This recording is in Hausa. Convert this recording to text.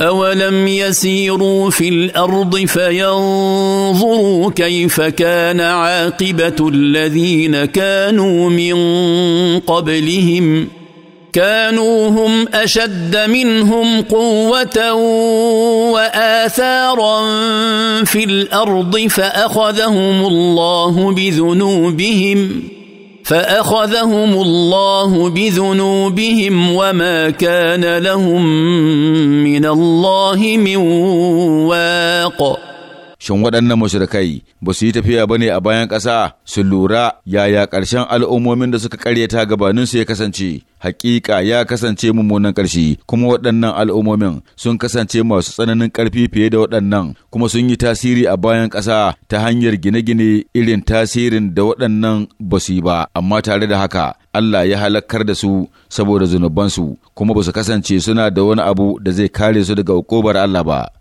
أولم يسيروا في الأرض فينظروا كيف كان عاقبة الذين كانوا من قبلهم كانوا هم أشد منهم قوة وآثارا في الأرض فأخذهم الله بذنوبهم ۖ فاخذهم الله بذنوبهم وما كان لهم من الله من واق shin waɗannan mashirkai ba su yi tafiya ba ne a bayan ƙasa su lura yaya ƙarshen al'ummomin da suka ƙaryata gabaninsu ya kasance hakika ya kasance mummunan ƙarshe kuma waɗannan al'ummomin sun kasance masu tsananin ƙarfi fiye da waɗannan kuma sun yi tasiri a bayan ƙasa ta hanyar gine-gine irin tasirin da waɗannan ba su yi ba amma tare da haka Allah ya halakar da su saboda zunubansu kuma ba su kasance suna da wani abu da zai kare su daga ukubar Allah ba.